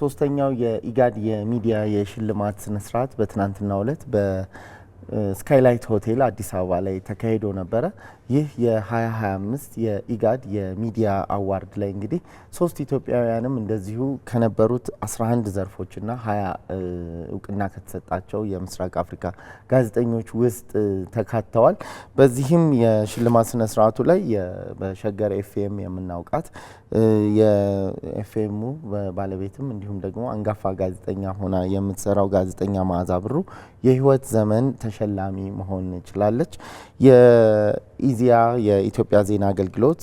ሶስተኛው የኢጋድ የሚዲያ የሽልማት ስነስርዓት በትናንትናው ዕለት በስካይላይት ሆቴል አዲስ አበባ ላይ ተካሂዶ ነበረ። ይህ የ2025 የኢጋድ የሚዲያ አዋርድ ላይ እንግዲህ ሶስት ኢትዮጵያውያንም እንደዚሁ ከነበሩት 11 ዘርፎችና 20 እውቅና ከተሰጣቸው የምስራቅ አፍሪካ ጋዜጠኞች ውስጥ ተካተዋል። በዚህም የሽልማት ስነ ስርዓቱ ላይ በሸገር ኤፍኤም የምናውቃት የኤፍኤሙ ባለቤትም እንዲሁም ደግሞ አንጋፋ ጋዜጠኛ ሆና የምትሰራው ጋዜጠኛ መዓዛ ብሩ የህይወት ዘመን ተሸላሚ መሆን ችላለች። የኢዜአ የኢትዮጵያ ዜና አገልግሎት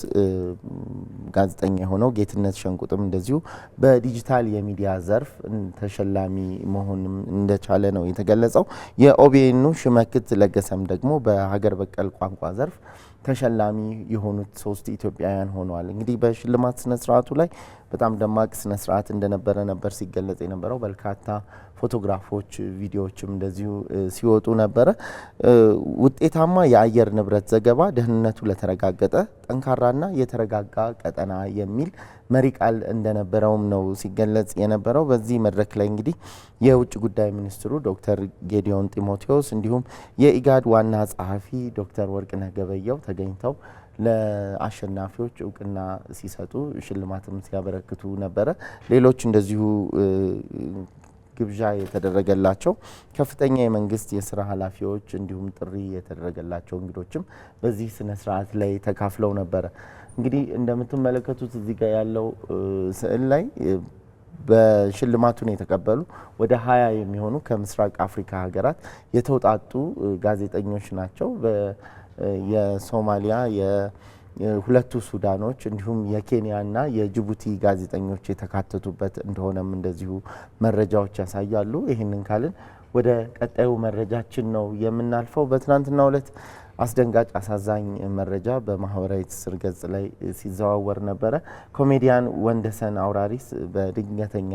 ጋዜጠኛ የሆነው ጌትነት ሸንቁጥም እንደዚሁ በዲጂታል የሚዲያ ዘርፍ ተሸላሚ መሆንም እንደቻለ ነው የተገለጸው። የኦቢኤኑ ሽመክት ለገሰም ደግሞ በሀገር በቀል ቋንቋ ዘርፍ ተሸላሚ የሆኑት ሶስት ኢትዮጵያውያን ሆነዋል። እንግዲህ በሽልማት ስነስርዓቱ ላይ በጣም ደማቅ ስነስርዓት እንደነበረ ነበር ሲገለጽ የነበረው በርካታ ፎቶግራፎች፣ ቪዲዮዎችም እንደዚሁ ሲወጡ ነበረ። ውጤታማ የአየር ንብረት ዘገባ ደህንነቱ ለተረጋገጠ ጠንካራና የተረጋጋ ቀጠና የሚል መሪ ቃል እንደነበረውም ነው ሲገለጽ የነበረው። በዚህ መድረክ ላይ እንግዲህ የውጭ ጉዳይ ሚኒስትሩ ዶክተር ጌዲዮን ጢሞቴዎስ እንዲሁም የኢጋድ ዋና ጸሐፊ ዶክተር ወርቅነህ ገበየው ተገኝተው ለአሸናፊዎች እውቅና ሲሰጡ ሽልማትም ሲያበረክቱ ነበረ። ሌሎች እንደዚሁ ግብዣ የተደረገላቸው ከፍተኛ የመንግስት የስራ ኃላፊዎች እንዲሁም ጥሪ የተደረገላቸው እንግዶችም በዚህ ስነ ስርዓት ላይ ተካፍለው ነበረ። እንግዲህ እንደምትመለከቱት እዚህ ጋር ያለው ስዕል ላይ በሽልማቱን የተቀበሉ ወደ ሀያ የሚሆኑ ከምስራቅ አፍሪካ ሀገራት የተውጣጡ ጋዜጠኞች ናቸው። የሶማሊያ ሁለቱ ሱዳኖች እንዲሁም የኬንያና የጅቡቲ ጋዜጠኞች የተካተቱበት እንደሆነም እንደዚሁ መረጃዎች ያሳያሉ። ይህንን ካልን ወደ ቀጣዩ መረጃችን ነው የምናልፈው። በትናንትናው ዕለት አስደንጋጭ አሳዛኝ መረጃ በማህበራዊ ትስስር ገጽ ላይ ሲዘዋወር ነበረ። ኮሜዲያን ወንደሰን አውራሪስ በድንገተኛ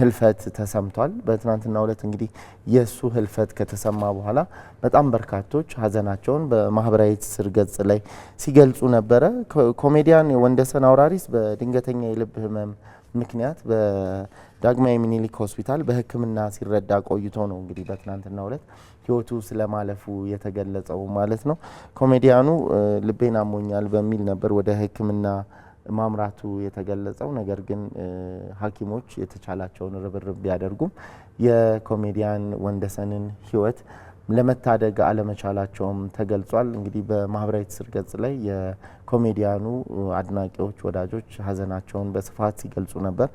ህልፈት ተሰምቷል። በትናንትናው ዕለት እንግዲህ የእሱ ህልፈት ከተሰማ በኋላ በጣም በርካቶች ሀዘናቸውን በማህበራዊ ትስስር ገጽ ላይ ሲገልጹ ነበረ። ኮሜዲያን ወንደሰን አውራሪስ በድንገተኛ የልብ ህመም ምክንያት በዳግማዊ ምኒልክ ሆስፒታል በሕክምና ሲረዳ ቆይቶ ነው እንግዲህ በትናንትናው ዕለት ህይወቱ ስለማለፉ የተገለጸው ማለት ነው። ኮሜዲያኑ ልቤን አሞኛል በሚል ነበር ወደ ሕክምና ማምራቱ የተገለጸው። ነገር ግን ሐኪሞች የተቻላቸውን ርብርብ ቢያደርጉም የኮሜዲያን ወንደሰንን ህይወት ለመታደግ አለመቻላቸውም ተገልጿል። እንግዲህ በማህበራዊ ትስስር ገጽ ላይ የኮሜዲያኑ አድናቂዎች፣ ወዳጆች ሀዘናቸውን በስፋት ሲገልጹ ነበር።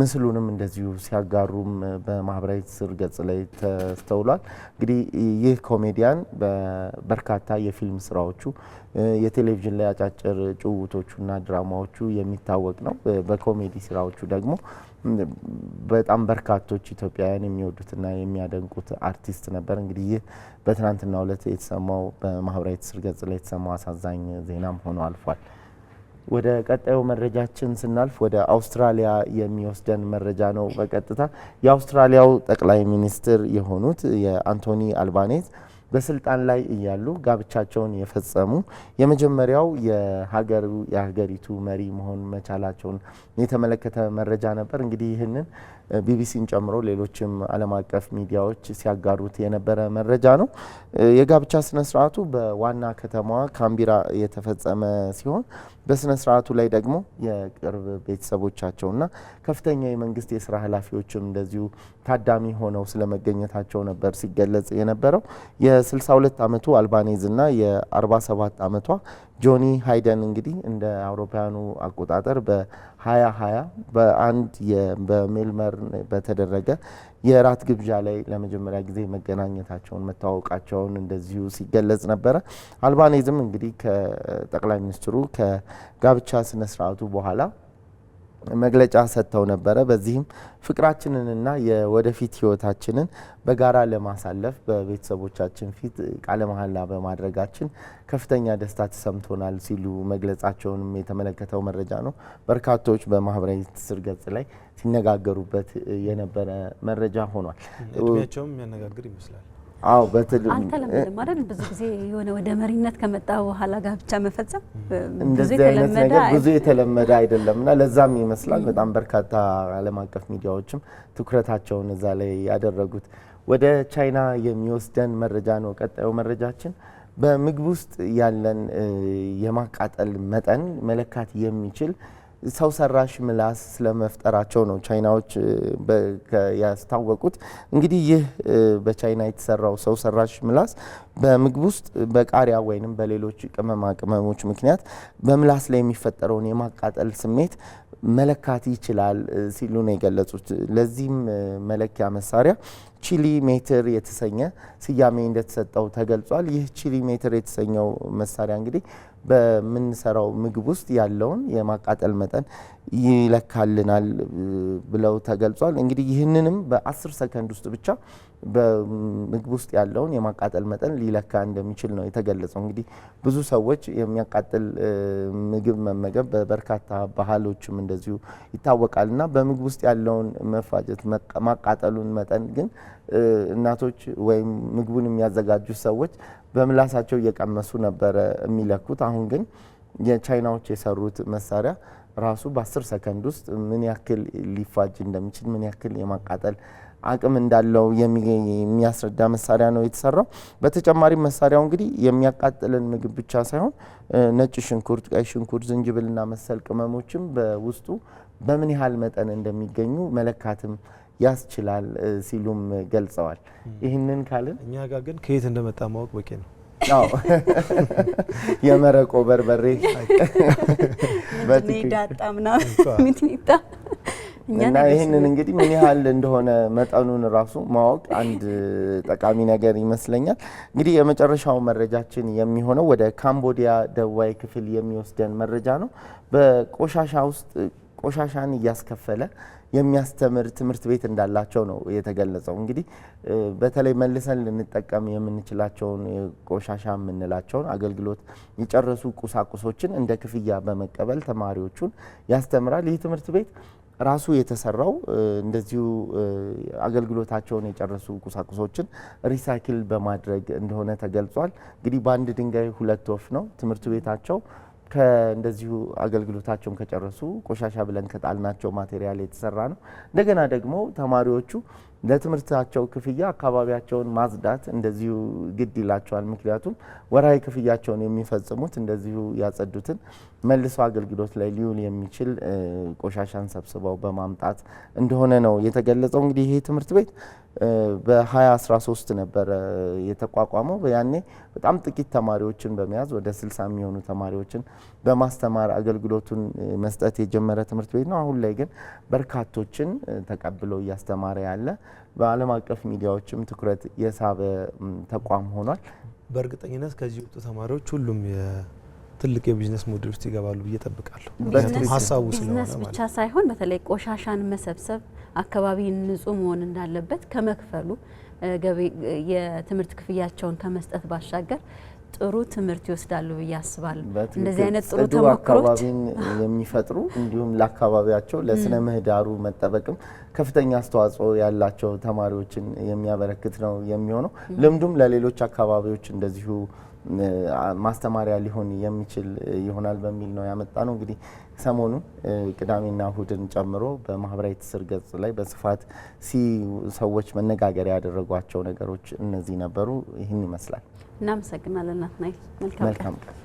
ምስሉንም እንደዚሁ ሲያጋሩም በማህበራዊ ትስስር ገጽ ላይ ተስተውሏል። እንግዲህ ይህ ኮሜዲያን በበርካታ የፊልም ስራዎቹ የቴሌቪዥን ላይ አጫጭር ጭውውቶቹና ድራማዎቹ የሚታወቅ ነው። በኮሜዲ ስራዎቹ ደግሞ በጣም በርካቶች ኢትዮጵያውያን የሚወዱትና የሚያደንቁት አርቲስት ነበር። እንግዲህ ይህ በትናንትናው ዕለት የተሰማው በማህበራዊ ትስስር ገጽ ላይ የተሰማው አሳዛኝ ዜናም ሆኖ አልፏል። ወደ ቀጣዩ መረጃችን ስናልፍ ወደ አውስትራሊያ የሚወስደን መረጃ ነው። በቀጥታ የአውስትራሊያው ጠቅላይ ሚኒስትር የሆኑት የአንቶኒ አልባኔዝ በስልጣን ላይ እያሉ ጋብቻቸውን የፈጸሙ የመጀመሪያው የሀገሩ የሀገሪቱ መሪ መሆን መቻላቸውን የተመለከተ መረጃ ነበር። እንግዲህ ይህንን ቢቢሲን ጨምሮ ሌሎችም ዓለም አቀፍ ሚዲያዎች ሲያጋሩት የነበረ መረጃ ነው። የጋብቻ ስነ ስርዓቱ በዋና ከተማዋ ካምቢራ የተፈጸመ ሲሆን በስነ ስርዓቱ ላይ ደግሞ የቅርብ ቤተሰቦቻቸውና ከፍተኛ የመንግስት የስራ ኃላፊዎችም እንደዚሁ ታዳሚ ሆነው ስለመገኘታቸው ነበር ሲገለጽ የነበረው። የ62 ዓመቱ አልባኔዝ እና የ47 ዓመቷ ጆኒ ሃይደን እንግዲህ እንደ አውሮፓውያኑ አቆጣጠር በ2020 በአንድ በሜልመርን በተደረገ የራት ግብዣ ላይ ለመጀመሪያ ጊዜ መገናኘታቸውን መታወቃቸውን እንደዚሁ ሲገለጽ ነበረ። አልባኔዝም እንግዲህ ከጠቅላይ ሚኒስትሩ ከጋብቻ ስነስርዓቱ በኋላ መግለጫ ሰጥተው ነበረ። በዚህም ፍቅራችንንና የወደፊት ህይወታችንን በጋራ ለማሳለፍ በቤተሰቦቻችን ፊት ቃለ መሐላ በማድረጋችን ከፍተኛ ደስታ ተሰምቶናል ሲሉ መግለጻቸውንም የተመለከተው መረጃ ነው። በርካቶች በማህበራዊ ትስስር ገጽ ላይ ሲነጋገሩበት የነበረ መረጃ ሆኗል። እድሜያቸውም የሚያነጋግር ይመስላል። አዎ በትል አልተለመደም አይደል? ብዙ ጊዜ የሆነ ወደ መሪነት ከመጣ በኋላ ጋብቻ መፈጸም እንደዚህ አይነት ነገር ብዙ የተለመደ አይደለም እና ለዛም ይመስላል በጣም በርካታ ዓለም አቀፍ ሚዲያዎችም ትኩረታቸውን እዛ ላይ ያደረጉት። ወደ ቻይና የሚወስደን መረጃ ነው ቀጣዩ መረጃችን። በምግብ ውስጥ ያለን የማቃጠል መጠን መለካት የሚችል ሰው ሰራሽ ምላስ ስለመፍጠራቸው ነው ቻይናዎች ያስታወቁት። እንግዲህ ይህ በቻይና የተሰራው ሰው ሰራሽ ምላስ በምግብ ውስጥ በቃሪያ ወይንም በሌሎች ቅመማ ቅመሞች ምክንያት በምላስ ላይ የሚፈጠረውን የማቃጠል ስሜት መለካት ይችላል ሲሉ ነው የገለጹት። ለዚህም መለኪያ መሳሪያ ቺሊ ሜትር የተሰኘ ስያሜ እንደተሰጠው ተገልጿል። ይህ ቺሊ ሜትር የተሰኘው መሳሪያ እንግዲህ በምንሰራው ምግብ ውስጥ ያለውን የማቃጠል መጠን ይለካልናል ብለው ተገልጿል። እንግዲህ ይህንንም በአስር ሰከንድ ውስጥ ብቻ በምግብ ውስጥ ያለውን የማቃጠል መጠን ሊለካ እንደሚችል ነው የተገለጸው። እንግዲህ ብዙ ሰዎች የሚያቃጥል ምግብ መመገብ በበርካታ ባህሎችም እንደዚሁ ይታወቃል እና በምግብ ውስጥ ያለውን መፋጀት ማቃጠሉን መጠን ግን እናቶች ወይም ምግቡን የሚያዘጋጁ ሰዎች በምላሳቸው እየቀመሱ ነበረ የሚለኩት። አሁን ግን የቻይናዎች የሰሩት መሳሪያ ራሱ በአስር ሰከንድ ውስጥ ምን ያክል ሊፋጅ እንደሚችል ምን ያክል የማቃጠል አቅም እንዳለው የሚያስረዳ መሳሪያ ነው የተሰራው። በተጨማሪም መሳሪያው እንግዲህ የሚያቃጥልን ምግብ ብቻ ሳይሆን ነጭ ሽንኩርት፣ ቀይ ሽንኩርት፣ ዝንጅብልና መሰል ቅመሞችም በውስጡ በምን ያህል መጠን እንደሚገኙ መለካትም ያስችላል ሲሉም ገልጸዋል። ይህንን ካልን እኛ ጋር ግን ከየት እንደመጣ ማወቅ በቂ ነው። አዎ የመረቆ በርበሬ ዳጣ ምናምን እና ይህንን እንግዲህ ምን ያህል እንደሆነ መጠኑን ራሱ ማወቅ አንድ ጠቃሚ ነገር ይመስለኛል። እንግዲህ የመጨረሻው መረጃችን የሚሆነው ወደ ካምቦዲያ ደቡባዊ ክፍል የሚወስደን መረጃ ነው። በቆሻሻ ውስጥ ቆሻሻን እያስከፈለ የሚያስተምር ትምህርት ቤት እንዳላቸው ነው የተገለጸው። እንግዲህ በተለይ መልሰን ልንጠቀም የምንችላቸውን ቆሻሻ የምንላቸውን አገልግሎት የጨረሱ ቁሳቁሶችን እንደ ክፍያ በመቀበል ተማሪዎቹን ያስተምራል። ይህ ትምህርት ቤት ራሱ የተሰራው እንደዚሁ አገልግሎታቸውን የጨረሱ ቁሳቁሶችን ሪሳይክል በማድረግ እንደሆነ ተገልጿል። እንግዲህ በአንድ ድንጋይ ሁለት ወፍ ነው ትምህርት ቤታቸው ከእንደዚሁ አገልግሎታቸውን ከጨረሱ ቆሻሻ ብለን ከጣልናቸው ማቴሪያል የተሰራ ነው። እንደገና ደግሞ ተማሪዎቹ ለትምህርታቸው ክፍያ አካባቢያቸውን ማጽዳት እንደዚሁ ግድ ይላቸዋል። ምክንያቱም ወርሃዊ ክፍያቸውን የሚፈጽሙት እንደዚሁ ያጸዱትን መልሶ አገልግሎት ላይ ሊውል የሚችል ቆሻሻን ሰብስበው በማምጣት እንደሆነ ነው የተገለጸው። እንግዲህ ይሄ ትምህርት ቤት በ2013 ነበረ የተቋቋመው። ያኔ በጣም ጥቂት ተማሪዎችን በመያዝ ወደ 60 የሚሆኑ ተማሪዎችን በማስተማር አገልግሎቱን መስጠት የጀመረ ትምህርት ቤት ነው። አሁን ላይ ግን በርካቶችን ተቀብሎ እያስተማረ ያለ በዓለም አቀፍ ሚዲያዎችም ትኩረት የሳበ ተቋም ሆኗል። በእርግጠኝነት ከዚህ ወጡ ተማሪዎች ሁሉም ትልቅ የቢዝነስ ሞዴል ውስጥ ይገባሉ ብዬ ጠብቃለሁ። ሀሳቡ ስለሆነ ብቻ ሳይሆን በተለይ ቆሻሻን መሰብሰብ አካባቢን ንጹህ መሆን እንዳለበት ከመክፈሉ የትምህርት ክፍያቸውን ከመስጠት ባሻገር ጥሩ ትምህርት ይወስዳሉ ብዬ አስባለሁ። እንደዚህ አይነት ጥሩ ተሞክሮች የሚፈጥሩ እንዲሁም ለአካባቢያቸው ለስነ ምህዳሩ መጠበቅም ከፍተኛ አስተዋጽኦ ያላቸው ተማሪዎችን የሚያበረክት ነው የሚሆነው። ልምዱም ለሌሎች አካባቢዎች እንደዚሁ ማስተማሪያ ሊሆን የሚችል ይሆናል በሚል ነው ያመጣ ነው። እንግዲህ ሰሞኑ ቅዳሜና እሁድን ጨምሮ በማህበራዊ ትስስር ገጽ ላይ በስፋት ሲ ሰዎች መነጋገሪያ ያደረጓቸው ነገሮች እነዚህ ነበሩ። ይህን ይመስላል። እናመሰግናለን ናትናኤል። መልካም ቀን